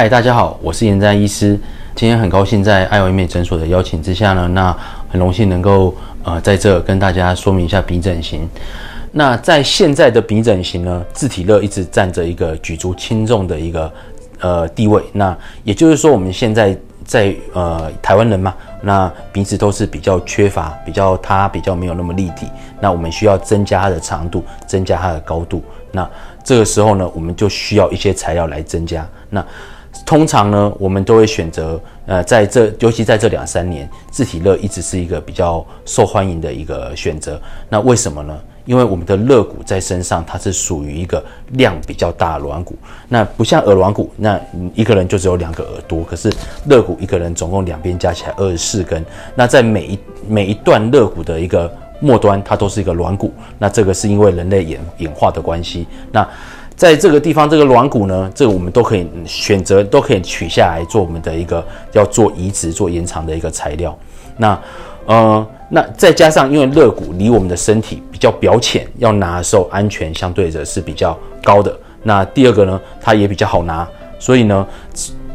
嗨，大家好，我是顏正安醫師。今天很高興在愛惟美診所的邀請之下呢，那很榮幸能夠呃在這跟大家說明一下鼻整形。那在現在的鼻整形呢，自體肋一直佔着一個舉足輕重的一個呃地位。那也就是說，我們現在在呃台灣人嘛，那鼻子都是比較缺乏，比較塌，比較沒有那麼立體。那我們需要增加它的長度，增加它的高度。那這個時候呢，我們就需要一些材料來增加。那通常呢，我們都會選擇呃，在這，尤其在這兩三年，自體肋一直是一個比較受歡迎的一個選擇。那為什麼呢？因為我們的肋骨在身上，它是屬於一個量比較大的軟骨。那不像耳軟骨，那一個人就只有兩個耳朵，可是肋骨一個人總共兩邊加起來二十四根。那在每一每一段肋骨的一個末端，它都是一個軟骨。那這個是因為人類演演化的關係。那在這個地方，這個軟骨呢，這個我們都可以選擇，都可以取下來做我們的一個要做移植、做延長的一個材料。那，呃，那再加上因為肋骨離我們的身體比較表淺，要拿的時候安全相對的是比較高的。那第二個呢，它也比較好拿，所以呢。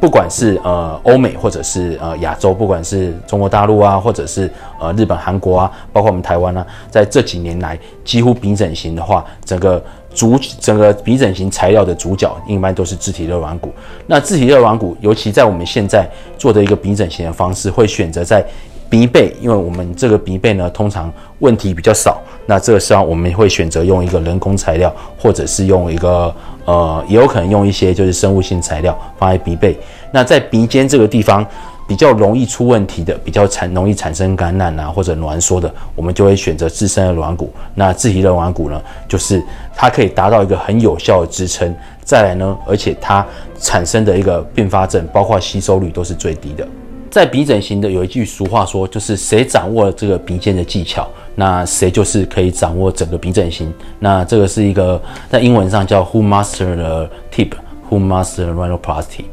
不管是呃歐美，或者是呃亞洲，不管是中國大陸啊，或者是呃日本、韓國啊，包括我們台灣呢、啊，在這幾年來，幾乎鼻整形的話，整個主整個鼻整形材料的主角，一般都是自體肋軟骨。那自體肋軟骨，尤其在我們現在做的一個鼻整形的方式，會選擇在。鼻背，因為我們這個鼻背呢，通常問題比較少，那這個時候我們會選擇用一個人工材料，或者是用一個呃，也有可能用一些就是生物性材料放在鼻背。那在鼻尖這個地方比較容易出問題的，比較產容易產生感染啊或者攣縮的，我們就會選擇自身的軟骨。那自體的軟骨呢，就是它可以達到一個很有效的支撐，再來呢，而且它產生的一個併發症，包括吸收率都是最低的。在鼻整形的有一句俗話說，就是誰掌握了這個鼻尖的技巧，那誰就是可以掌握整個鼻整形。那這個是一個在英文上叫 who master the tip，who master rhinoplasty。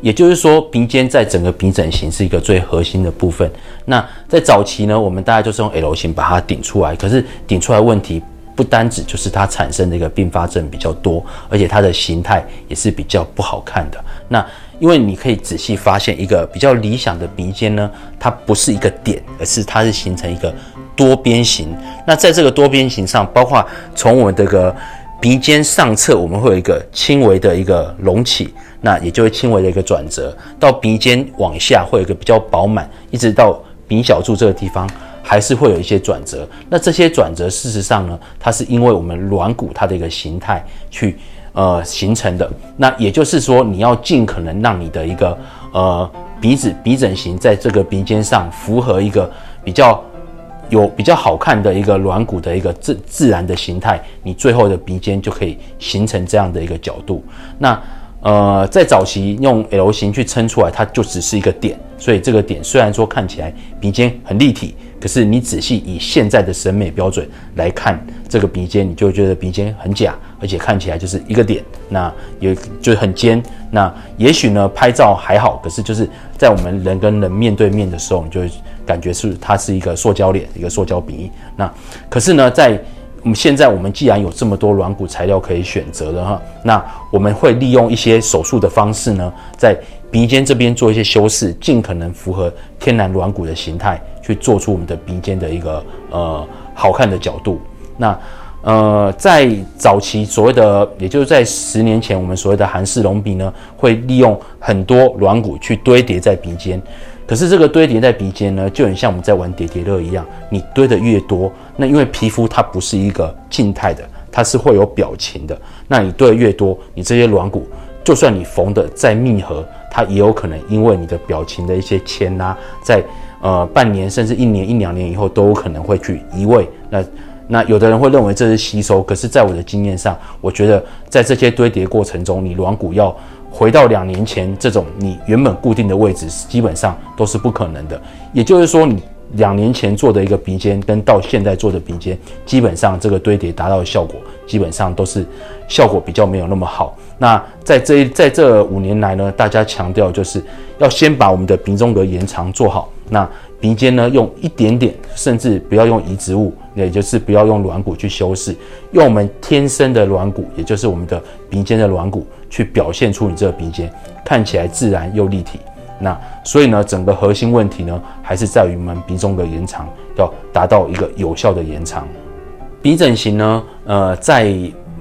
也就是說，鼻尖在整個鼻整形是一個最核心的部分。那在早期呢，我們大概就是用 L 型把它頂出來，可是頂出來問題不單只就是它產生這個併發症比較多，而且它的形態也是比較不好看的。那因為你可以仔細發現，一個比較理想的鼻尖呢，它不是一個點，而是它是形成一個多邊形。那在這個多邊形上，包括從我們這個鼻尖上側，我們會有一個輕微的一個隆起，那也就會輕微的一個轉折。到鼻尖往下，會有一個比較飽滿，一直到鼻小柱這個地方，還是會有一些轉折。那這些轉折，事實上呢，它是因為我們軟骨它的一個形態去呃，形成的。那也就是說，你要盡可能讓你的一個呃鼻子，鼻整形在這個鼻尖上符合一個比較有比較好看的一個軟骨的一個自自然的形態，你最後的鼻尖就可以形成這樣的一個角度。那呃，在早期用 L 型去撐出來，它就只是一個點，所以這個點雖然說看起來鼻尖很立體。可是你仔細以現在的審美標準來看這個鼻尖，你就會覺得鼻尖很假，而且看起來就是一個點，那也就很尖。那也許呢拍照還好，可是就是在我們人跟人面對面的時候，你就會感覺是它是一個塑膠臉，一個塑膠鼻。那可是呢在。我們現在，我們既然有這麼多軟骨材料可以選擇的哈，那我們會利用一些手術的方式呢，在鼻尖這邊做一些修飾，盡可能符合天然軟骨的形態，去做出我們的鼻尖的一個呃好看的角度。那呃在早期所謂的，也就是在十年前，我們所謂的韓式隆鼻呢，會利用很多軟骨去堆疊在鼻尖。可是這個堆疊在鼻尖呢，就很像我們在玩疊疊樂一樣。你堆的越多，那因為皮膚它不是一個靜態的，它是會有表情的。那你堆的越多，你這些軟骨，就算你縫的再密合，它也有可能因為你的表情的一些牽拉，啊，在呃半年甚至一年一兩年以後都有可能會去移位。那那有的人會認為這是吸收，可是在我的經驗上，我覺得在這些堆疊過程中，你軟骨要。回到兩年前，這種你原本固定的位置，基本上都是不可能的。也就是說，你。兩年前做的一個鼻尖，跟到現在做的鼻尖，基本上這個堆疊達到的效果，基本上都是效果比較沒有那麼好。那在這在這五年來呢，大家強調就是要先把我們的鼻中隔延長做好，那鼻尖呢用一點點，甚至不要用移植物，也就是不要用軟骨去修飾，用我們天生的軟骨，也就是我們的鼻尖的軟骨，去表現出你這個鼻尖看起來自然又立體。那所以呢，整個核心問題呢，還是在於我們鼻中的延長要達到一個有效的延長。鼻整形呢，呃，在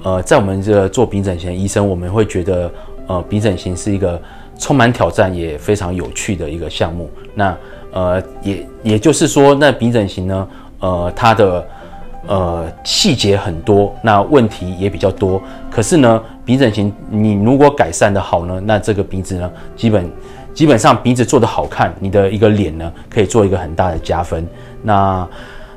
呃在我們這個做鼻整形的醫生，我們會覺得呃鼻整形是一個充滿挑戰也非常有趣的一個項目。那呃也也就是說，那鼻整形呢，呃它的呃細節很多，那問題也比較多。可是呢，鼻整形你如果改善的好呢，那這個鼻子呢基本。基本上鼻子做得好看，你的一個臉呢可以做一個很大的加分。那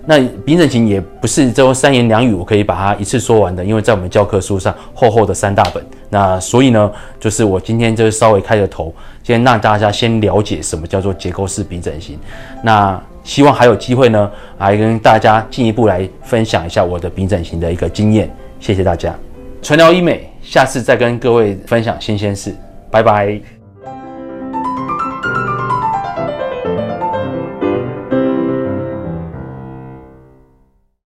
那鼻整形也不是就三言兩語我可以把它一次說完的，因為在我們教科書上厚厚的三大本。那所以呢，就是我今天就是稍微開個頭，先讓大家先了解什麼叫做結構式鼻整形。那希望還有機會呢，來跟大家進一步來分享一下我的鼻整形的一個經驗。謝謝大家，淳聊醫美，下次再跟各位分享新鮮事，拜拜。